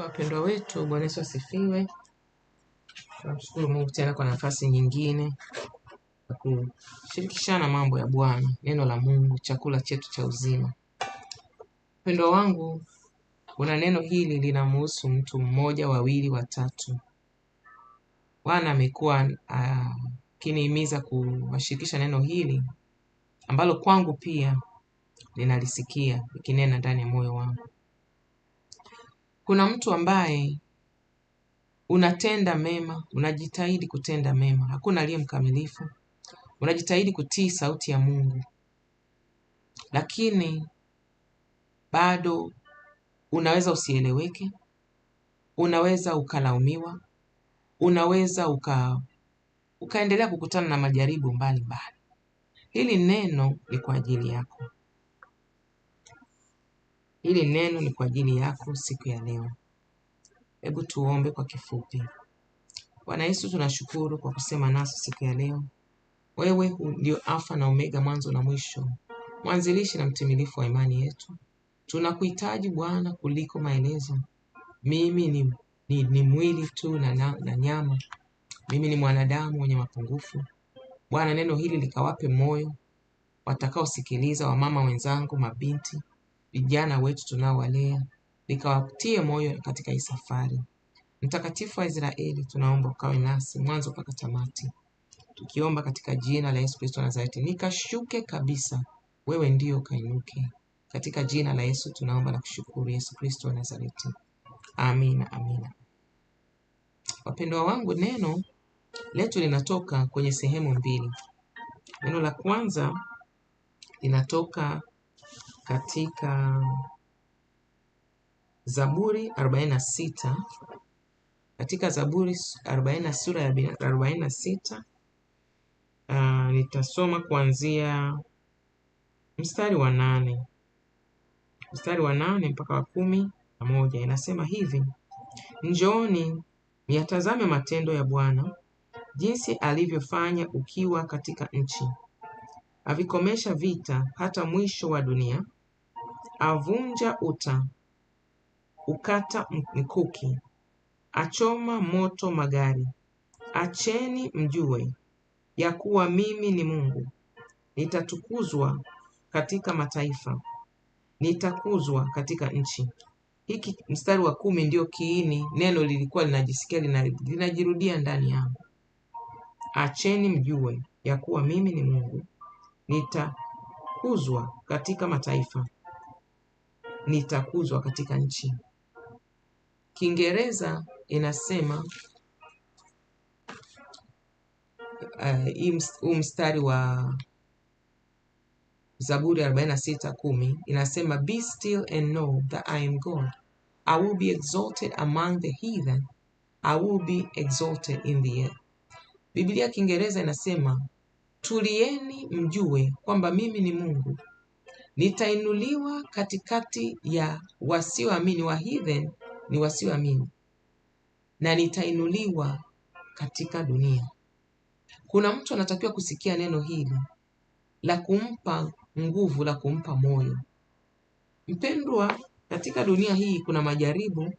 Wapendwa wetu, Bwana Yesu asifiwe. Tunamshukuru Mungu tena kwa nafasi nyingine ya kushirikishana mambo ya Bwana, neno la Mungu, chakula chetu cha uzima. Wapendwa wangu, kuna neno hili linamhusu mtu mmoja, wawili, watatu. Bwana amekuwa ah, akinihimiza kuwashirikisha neno hili ambalo kwangu pia ninalisikia ikinena ndani ya moyo wangu kuna mtu ambaye unatenda mema, unajitahidi kutenda mema, hakuna aliye mkamilifu, unajitahidi kutii sauti ya Mungu, lakini bado unaweza usieleweke, unaweza ukalaumiwa, unaweza uka ukaendelea kukutana na majaribu mbalimbali. Hili neno ni kwa ajili yako. Hili neno ni kwa ajili yako siku ya leo. Hebu tuombe kwa kifupi. Bwana Yesu, tunashukuru kwa kusema nasi siku ya leo. Wewe ndio Alfa na Omega, mwanzo na mwisho, mwanzilishi na mtimilifu wa imani yetu. Tunakuhitaji Bwana kuliko maelezo. Mimi ni, ni, ni mwili tu na, na, na nyama. Mimi ni mwanadamu mwenye mapungufu. Bwana, neno hili likawape moyo watakaosikiliza, wamama wenzangu, mabinti vijana wetu tunaowalea likawatie moyo katika hii safari. Mtakatifu wa Israeli, tunaomba ukawe nasi mwanzo mpaka tamati, tukiomba katika jina la Yesu Kristo Nazareti, nikashuke kabisa, wewe ndio kainuke Katika jina la Yesu tunaomba na kushukuru, Yesu Kristo wa Nazareti, amina amina. Wapendwa wangu, neno letu linatoka kwenye sehemu mbili. Neno la kwanza linatoka katika Zaburi 46 katika Zaburi 40 sura ya 46 uh, ah, nitasoma kuanzia mstari wa nane mstari wa nane mpaka wa kumi na moja inasema hivi: Njooni niyatazame matendo ya Bwana, jinsi alivyofanya ukiwa katika nchi, avikomesha vita hata mwisho wa dunia avunja uta, ukata mkuki, achoma moto magari. Acheni mjue ya kuwa mimi ni Mungu, nitatukuzwa katika mataifa, nitakuzwa katika nchi. Hiki mstari wa kumi ndio kiini, neno lilikuwa linajisikia linajirudia ndani yangu. Acheni mjue ya kuwa mimi ni Mungu, nitakuzwa katika mataifa, nitakuzwa katika nchi. Kiingereza inasema uh, huu uh, mstari wa Zaburi 46:10 inasema be still and know that I am God. I will be exalted among the heathen. I will be exalted in the earth. Biblia Kiingereza inasema tulieni mjue kwamba mimi ni Mungu nitainuliwa katikati ya wasioamini wa heathen ni wasioamini na nitainuliwa katika dunia kuna mtu anatakiwa kusikia neno hili la kumpa nguvu la kumpa moyo mpendwa katika dunia hii kuna majaribu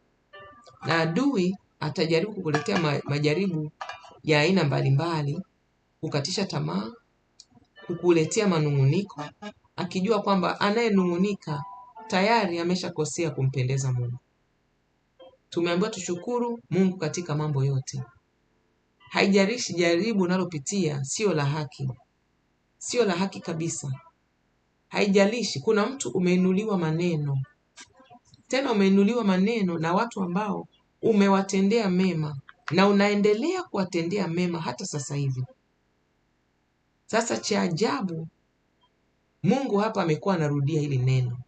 na adui atajaribu kukuletea majaribu ya aina mbalimbali kukatisha tamaa kukuletea manung'uniko akijua kwamba anayenung'unika tayari ameshakosea kumpendeza Mungu. Tumeambiwa tushukuru Mungu katika mambo yote. haijarishi jaribu unalopitia sio la haki, sio la haki kabisa. Haijalishi, kuna mtu umeinuliwa maneno, tena umeinuliwa maneno na watu ambao umewatendea mema na unaendelea kuwatendea mema hata sasa hivi. Sasa cha ajabu Mungu hapa amekuwa anarudia hili neno,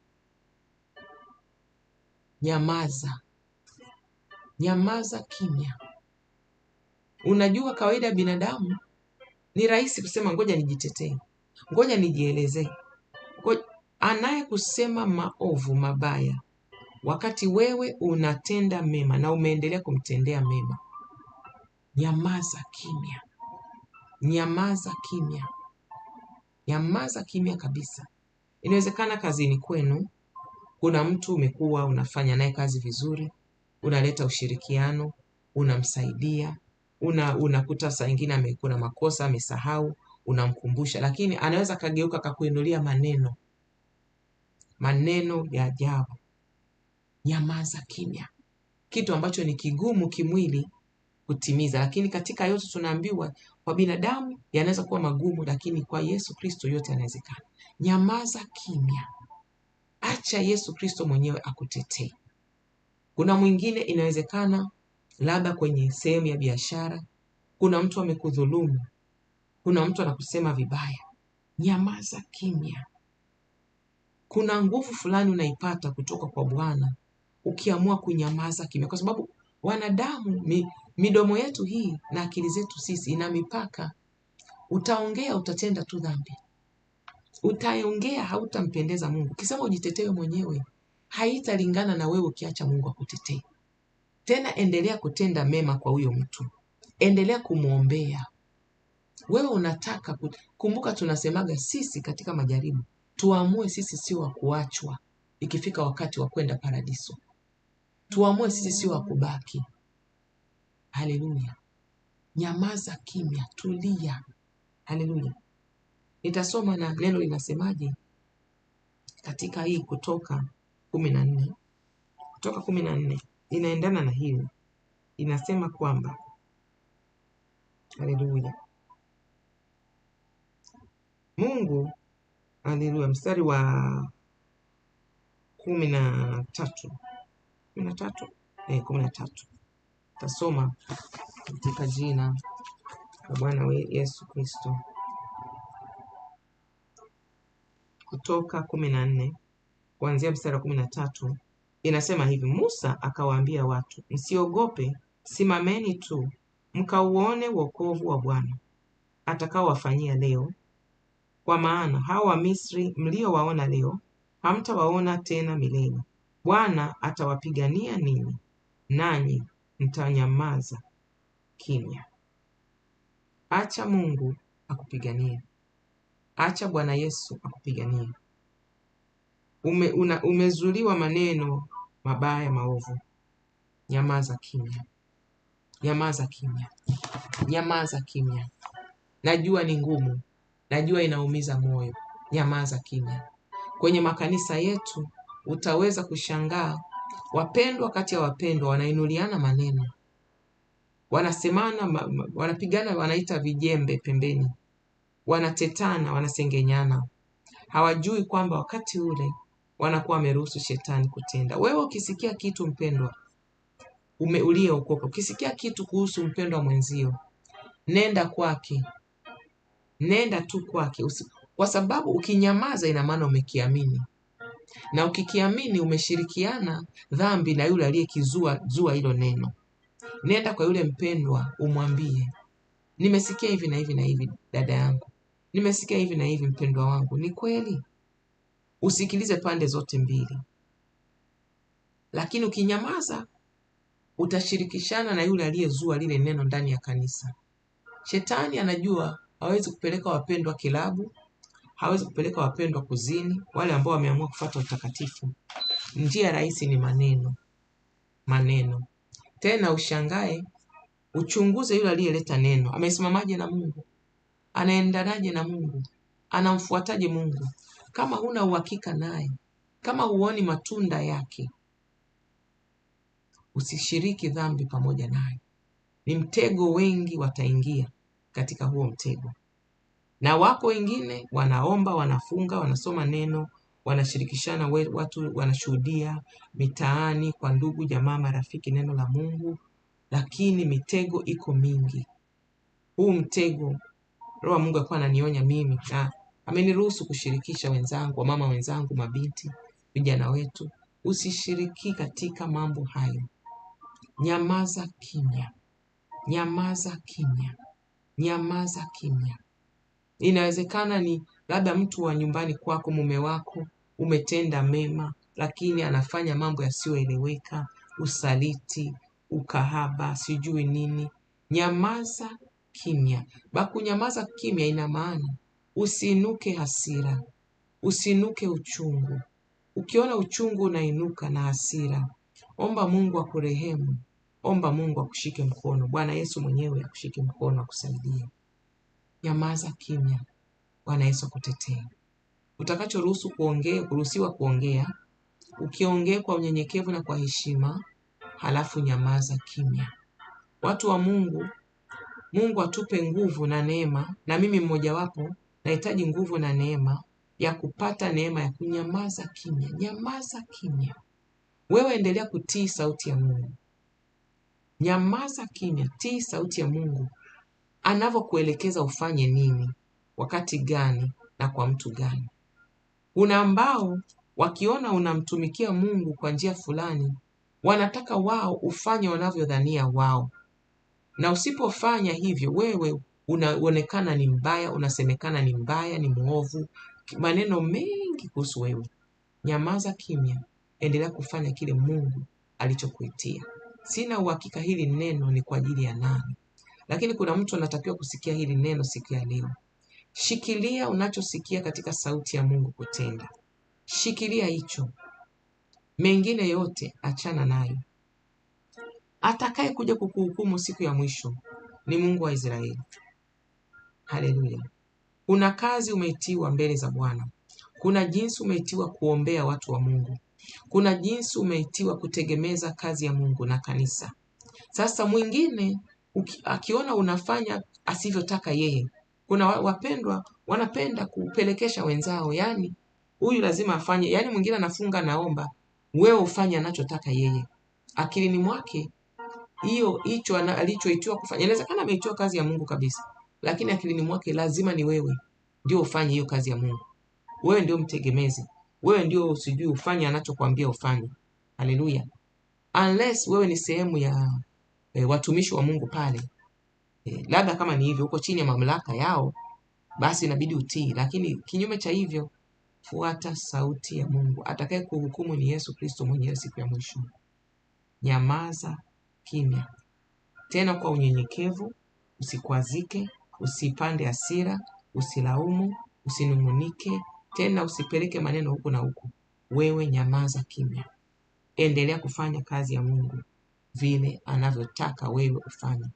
nyamaza, nyamaza kimya. Unajua, kawaida ya binadamu ni rahisi kusema ngoja nijitetee, ngoja nijielezee. Anayekusema maovu mabaya wakati wewe unatenda mema na umeendelea kumtendea mema, nyamaza kimya, nyamaza kimya. Nyamaza kimya kabisa. Inawezekana kazini kwenu kuna mtu umekuwa unafanya naye kazi vizuri, unaleta ushirikiano, unamsaidia, una unakuta saa ingine amekuwa na makosa, amesahau, unamkumbusha, lakini anaweza akageuka akakuinulia maneno, maneno ya ajabu. Nyamaza kimya, kitu ambacho ni kigumu kimwili, kutimiza. Lakini katika yote tunaambiwa kwa binadamu yanaweza kuwa magumu, lakini kwa Yesu Kristo yote yanawezekana. Nyamaza kimya, acha Yesu Kristo mwenyewe akutetee. Kuna mwingine inawezekana labda kwenye sehemu ya biashara, kuna mtu amekudhulumu, kuna mtu anakusema vibaya, nyamaza kimya. Kuna nguvu fulani unaipata kutoka kwa Bwana ukiamua kunyamaza kimya, kwa sababu wanadamu Midomo yetu hii na akili zetu sisi ina mipaka. Utaongea, utatenda tu dhambi. Utaongea, hautampendeza Mungu. Ukisema ujitetee mwenyewe, haitalingana na wewe ukiacha Mungu akutetee. Tena endelea kutenda mema kwa huyo mtu, endelea kumwombea. Wewe unataka kumbuka, tunasemaga sisi katika majaribu tuamue sisi sio wa kuachwa ikifika wakati wa kwenda paradiso. Tuamue sisi sio wa kubaki. Haleluya. Nyamaza kimya, tulia. Haleluya. Nitasoma na neno linasemaje katika hii Kutoka kumi na nne. Kutoka kumi na nne inaendana na hiyo, inasema kwamba haleluya, Mungu haleluya, mstari wa kumi na tatu kumi na tatu eh, kumi na tatu Tasoma katika jina la Bwana Yesu Kristo. Kutoka kumi na nne kuanzia mstari wa kumi na tatu inasema hivi: Musa akawaambia watu, msiogope, simameni tu mkauone uokovu wa Bwana atakaowafanyia leo, kwa maana hawa Wamisri mliowaona leo hamtawaona tena milele. Bwana atawapigania nini nanyi mtanyamaza kimya. Acha Mungu akupiganie, acha Bwana Yesu akupiganie. Ume, una, umezuliwa maneno mabaya maovu, nyamaza kimya, nyamaza kimya, nyamaza kimya. Najua ni ngumu, najua inaumiza moyo, nyamaza kimya. Kwenye makanisa yetu utaweza kushangaa Wapendwa kati ya wapendwa wanainuliana maneno, wanasemana, wanapigana, wanaita vijembe pembeni, wanatetana, wanasengenyana, hawajui kwamba wakati ule wanakuwa wameruhusu shetani kutenda. Wewe ukisikia kitu mpendwa, ume uliyeokoka, ukisikia kitu kuhusu mpendwa mwenzio, nenda kwake, nenda tu kwake, kwa sababu ukinyamaza, ina maana umekiamini na ukikiamini umeshirikiana dhambi na yule aliyekizua zua hilo neno. Nenda kwa yule mpendwa, umwambie nimesikia hivi na hivi na hivi, dada yangu, nimesikia hivi na hivi, mpendwa wangu, ni kweli. Usikilize pande zote mbili, lakini ukinyamaza utashirikishana na yule aliyezua lile neno ndani ya kanisa. Shetani anajua hawezi kupeleka wapendwa kilabu, hawezi kupeleka wapendwa kuzini, wale ambao wameamua kufuata utakatifu. Njia rahisi ni maneno, maneno. Tena ushangae, uchunguze yule aliyeleta neno, amesimamaje na Mungu, anaendanaje na Mungu, anamfuataje Mungu. Kama huna uhakika naye, kama huoni matunda yake, usishiriki dhambi pamoja naye. Ni mtego, wengi wataingia katika huo mtego. Na wako wengine wanaomba, wanafunga, wanasoma neno, wanashirikishana watu, wanashuhudia mitaani, kwa ndugu, jamaa, marafiki, neno la Mungu, lakini mitego iko mingi. Huu mtego Roho Mungu alikuwa ananionya mimi na ameniruhusu kushirikisha wenzangu, wamama wenzangu, mabinti, vijana wetu, usishiriki katika mambo hayo. Nyamaza kimya, nyamaza kimya, nyamaza kimya. Inawezekana ni labda mtu wa nyumbani kwako, mume wako, umetenda mema, lakini anafanya mambo yasiyoeleweka, usaliti, ukahaba, sijui nini. Nyamaza kimya. baku nyamaza kimya ina maana usiinuke hasira, usiinuke uchungu. Ukiona uchungu unainuka na hasira, omba Mungu akurehemu, omba Mungu akushike mkono. Bwana Yesu mwenyewe akushike mkono, akusaidie nyamaza kimya. Bwana Yesu akutetee. Utakachoruhusu kuongea, kuruhusiwa kuongea, ukiongea kwa unyenyekevu na kwa heshima, halafu nyamaza kimya. Watu wa Mungu, Mungu atupe nguvu na neema, na mimi mmojawapo nahitaji nguvu na neema ya kupata neema ya kunyamaza kimya. Nyamaza kimya, wewe endelea kutii sauti ya Mungu. Nyamaza kimya, tii sauti ya Mungu anavyokuelekeza ufanye nini, wakati gani na kwa mtu gani. Kuna ambao wakiona unamtumikia Mungu kwa njia fulani, wanataka wao ufanye wanavyodhania wao, na usipofanya hivyo wewe unaonekana ni mbaya, unasemekana ni mbaya, ni mwovu, maneno mengi kuhusu wewe. Nyamaza kimya, endelea kufanya kile Mungu alichokuitia. Sina uhakika hili neno ni kwa ajili ya nani, lakini kuna mtu anatakiwa kusikia hili neno siku ya leo. Shikilia unachosikia katika sauti ya Mungu kutenda. Shikilia hicho, mengine yote achana nayo. Atakaye kuja kukuhukumu siku ya mwisho ni Mungu wa Israeli. Haleluya! Kuna kazi umeitiwa mbele za Bwana. Kuna jinsi umeitiwa kuombea watu wa Mungu. Kuna jinsi umeitiwa kutegemeza kazi ya Mungu na kanisa. Sasa mwingine uki, akiona unafanya asivyotaka yeye. Kuna wapendwa wanapenda kupelekesha wenzao, yani huyu lazima afanye, yani mwingine anafunga, naomba wewe ufanye anachotaka yeye. Akilini mwake hiyo hicho alichoitiwa kufanya, inawezekana ameitiwa kazi ya Mungu kabisa, lakini akilini mwake lazima ni wewe ndio ufanye hiyo kazi ya Mungu. Wewe ndio mtegemezi, wewe ndio usijui, ufanye anachokwambia ufanye. Haleluya! unless wewe ni sehemu ya e, watumishi wa Mungu pale e, labda kama ni hivyo uko chini ya mamlaka yao, basi inabidi utii, lakini kinyume cha hivyo fuata sauti ya Mungu. Atakaye kuhukumu ni Yesu Kristo mwenyewe siku ya mwisho. Nyamaza kimya, tena kwa unyenyekevu, usikwazike, usipande hasira, usilaumu, usinungunike, tena usipeleke maneno huku na huku. Wewe nyamaza kimya, endelea kufanya kazi ya Mungu vile anavyotaka wewe ufanye.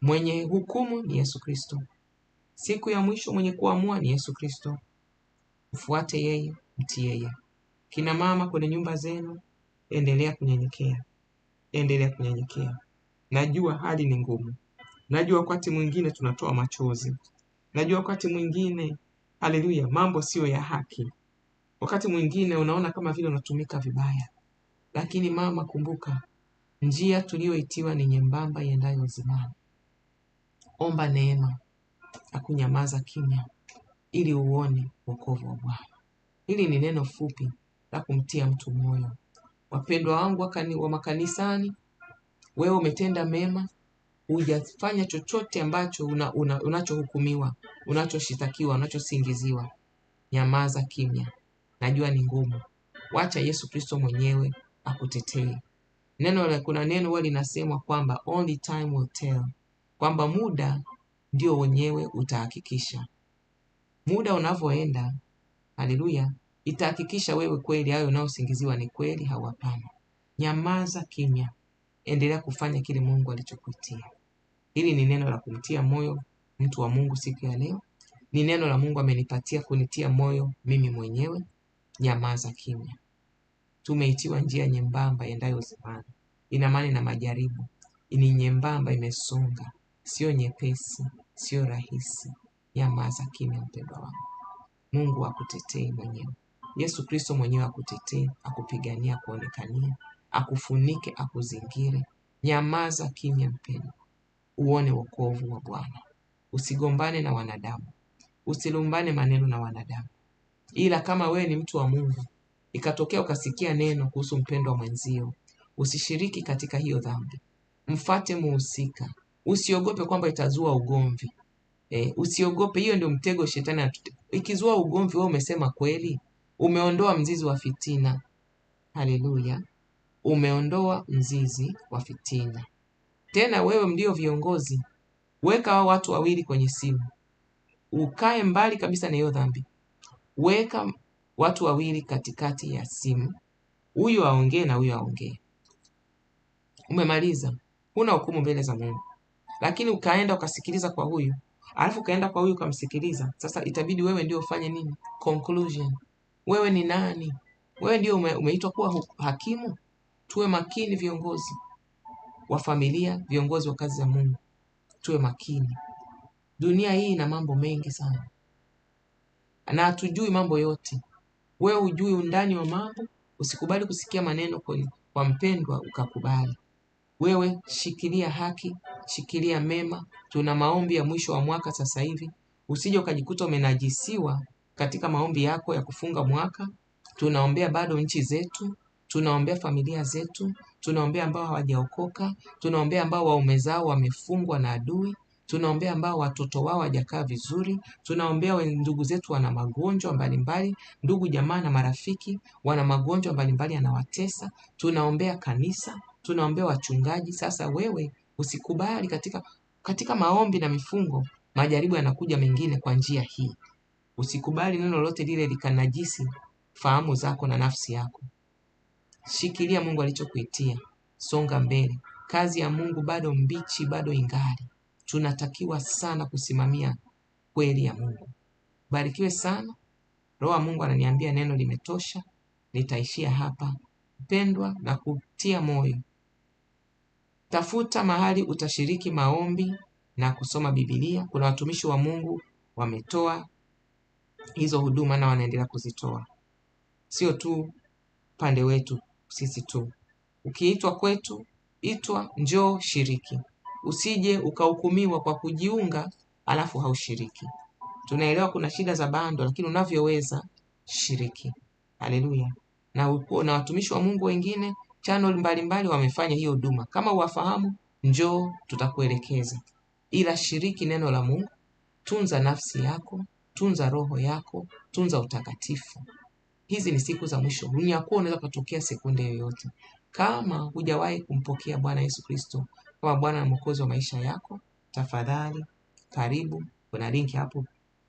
Mwenye hukumu ni Yesu Kristo. Siku ya mwisho mwenye kuamua ni Yesu Kristo. Mfuate yeye, mtii yeye. Kina mama kwenye nyumba zenu, endelea kunyenyekea, endelea kunyenyekea. Najua hali ni ngumu, najua wakati mwingine tunatoa machozi, najua wakati mwingine, haleluya, mambo siyo ya haki, wakati mwingine unaona kama vile unatumika vibaya, lakini mama, kumbuka Njia tuliyoitiwa ni nyembamba iendayo uzimani. Omba neema na kunyamaza kimya ili uone wokovu wa Bwana. Hili ni neno fupi la kumtia mtu moyo. Wapendwa wangu wa makanisani, wewe umetenda mema, hujafanya chochote ambacho una, una, unachohukumiwa, unachoshitakiwa, unachosingiziwa. Nyamaza kimya, najua ni ngumu. Wacha Yesu Kristo mwenyewe akutetee. Neno, kuna neno huwa linasemwa kwamba only time will tell, kwamba muda ndio wenyewe utahakikisha. Muda unavyoenda, haleluya, itahakikisha wewe kweli hayo unaosingiziwa ni kweli au hapana. Nyamaza kimya, endelea kufanya kile Mungu alichokuitia. Hili ni neno la kumtia moyo mtu wa Mungu siku ya leo. Ni neno la Mungu amenipatia kunitia moyo mimi mwenyewe. Nyamaza kimya. Tumeitiwa njia nyembamba endayo uzimani, ina maana na majaribu. Ni nyembamba, imesonga, sio nyepesi, sio rahisi. Nyamaza kimya, mpendwa wangu. Mungu akutetee mwenyewe, Yesu Kristo mwenyewe akutetee, akupigania, akuonekania akufunike, akuzingire. Nyamaza kimya, mpendwa, uone wokovu wa Bwana. Usigombane na wanadamu, usilumbane maneno na wanadamu, ila kama wewe ni mtu wa Mungu ikatokea ukasikia neno kuhusu mpendwa mwenzio, usishiriki katika hiyo dhambi. Mfate muhusika, usiogope kwamba itazua ugomvi. E, usiogope. Hiyo ndio mtego shetani. Ikizua ugomvi, wewe umesema kweli, umeondoa mzizi wa fitina. Haleluya, umeondoa mzizi wa fitina. Tena wewe ndio viongozi, weka hao watu wawili kwenye simu, ukae mbali kabisa na hiyo dhambi, weka watu wawili katikati ya simu, huyu aongee na huyu aongee. Umemaliza, huna hukumu mbele za Mungu, lakini ukaenda ukasikiliza kwa huyu, alafu ukaenda kwa huyu ukamsikiliza. Sasa itabidi wewe ndio ufanye nini? Conclusion. Wewe ni nani? Wewe ndio ume, umeitwa kuwa hakimu. Tuwe makini, viongozi wa familia, viongozi wa kazi za Mungu, tuwe makini. Dunia hii ina mambo mengi sana na hatujui mambo yote. Wewe hujui undani wa mambo, usikubali kusikia maneno kwa mpendwa ukakubali. Wewe shikilia haki, shikilia mema. Tuna maombi ya mwisho wa mwaka sasa hivi, usije ukajikuta umenajisiwa katika maombi yako ya kufunga mwaka. Tunaombea bado nchi zetu, tunaombea familia zetu, tunaombea ambao hawajaokoka, tunaombea ambao waume zao wamefungwa na adui tunaombea ambao watoto wao hawajakaa vizuri, tunaombea ndugu zetu wana magonjwa mbalimbali, ndugu jamaa na marafiki wana magonjwa mbalimbali yanawatesa, tunaombea kanisa, tunaombea wachungaji. Sasa wewe usikubali katika katika maombi na mifungo, majaribu yanakuja mengine kwa njia hii. Usikubali neno lolote lile likanajisi fahamu zako na nafsi yako. Shikilia Mungu alichokuitia, songa mbele. Kazi ya Mungu bado mbichi, bado ingali tunatakiwa sana kusimamia kweli ya Mungu. Barikiwe sana. Roho wa Mungu ananiambia neno limetosha, nitaishia hapa. Mpendwa, na kutia moyo, tafuta mahali utashiriki maombi na kusoma Biblia. Kuna watumishi wa Mungu wametoa hizo huduma na wanaendelea kuzitoa, sio tu pande wetu sisi tu. Ukiitwa kwetu, itwa, njoo shiriki usije ukahukumiwa kwa kujiunga alafu haushiriki. Tunaelewa kuna shida za bando, lakini unavyoweza shiriki. Haleluya! Na ukuo na watumishi wa Mungu wengine channel mbalimbali wamefanya hiyo huduma. Kama uwafahamu, njoo tutakuelekeza, ila shiriki neno la Mungu, tunza nafsi yako, tunza roho yako, tunza utakatifu. Hizi ni siku za mwisho. Unyakuo unaweza kutokea sekunde yoyote. Kama hujawahi kumpokea Bwana Yesu Kristo, kama Bwana na Mwokozi wa maisha yako, tafadhali karibu, kuna linki hapo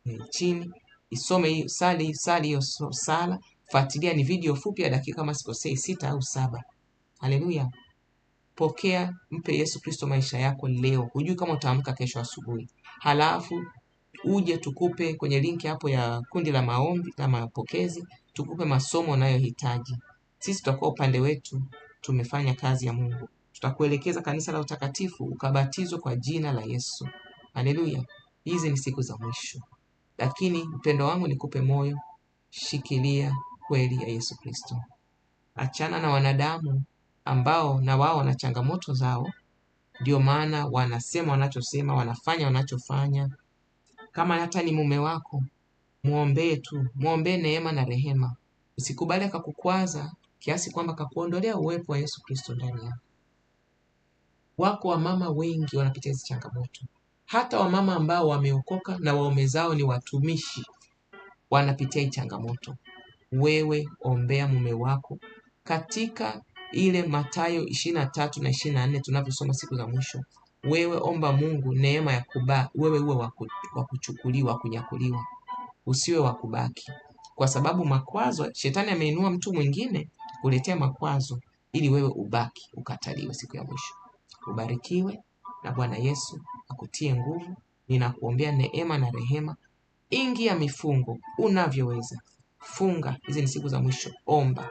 eh, chini, isome hiyo, sali sali hiyo sala, fuatilia. Ni video fupi ya dakika kama sikosei sita au saba. Haleluya! Pokea, mpe Yesu Kristo maisha yako leo. Hujui kama utaamka kesho asubuhi. Halafu uje tukupe kwenye linki hapo ya kundi la maombi la mapokezi, tukupe masomo unayohitaji. Sisi tutakuwa upande wetu, tumefanya kazi ya Mungu tutakuelekeza kanisa la utakatifu ukabatizwe kwa jina la Yesu. Haleluya! Hizi ni siku za mwisho, lakini mpendo wangu, nikupe moyo, shikilia kweli ya Yesu Kristo. Achana na wanadamu ambao na wao wana changamoto zao, ndio maana wanasema wanachosema, wanafanya wanachofanya. Kama hata ni mume wako, mwombee tu, mwombee neema na rehema. Usikubali akakukwaza kiasi kwamba kakuondolea uwepo wa Yesu Kristo ndani yako. Wako wamama wengi wanapitia hizi changamoto, hata wamama ambao wameokoka na waume zao ni watumishi wanapitia hii changamoto. Wewe ombea mume wako katika ile Mathayo ishirini na tatu na ishirini na nne tunavyosoma siku za mwisho. Wewe omba Mungu neema ya kubaa, wewe uwe wa kuchukuliwa, kunyakuliwa, usiwe wa kubaki, kwa sababu makwazo, shetani ameinua mtu mwingine kuletea makwazo ili wewe ubaki ukataliwe siku ya mwisho. Ubarikiwe na Bwana Yesu akutie nguvu. Ninakuombea neema na rehema. Ingia mifungo unavyoweza, funga. Hizi ni siku za mwisho. Omba,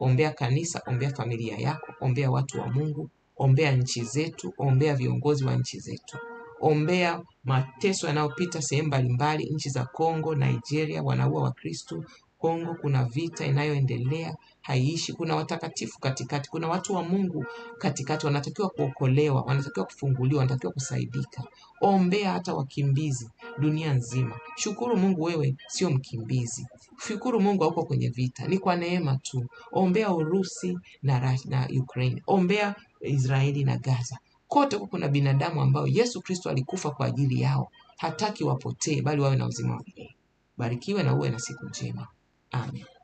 ombea kanisa, ombea familia yako, ombea watu wa Mungu, ombea nchi zetu, ombea viongozi wa nchi zetu, ombea mateso yanayopita sehemu mbalimbali, nchi za Kongo, Nigeria, wanaua Wakristo. Kongo kuna vita inayoendelea, haiishi. Kuna watakatifu katikati, kuna watu wa Mungu katikati, wanatakiwa kuokolewa, wanatakiwa kufunguliwa, wanatakiwa kusaidika. Ombea hata wakimbizi dunia nzima. Shukuru Mungu, wewe sio mkimbizi. Shukuru Mungu, hauko kwenye vita, ni kwa neema tu. Ombea Urusi na, na Ukraine, ombea Israeli na Gaza. Kote huko kuna binadamu ambao Yesu Kristo alikufa kwa ajili yao. Hataki wapotee, bali wawe na uzima wa milele. Barikiwe na uwe na siku njema. Amin.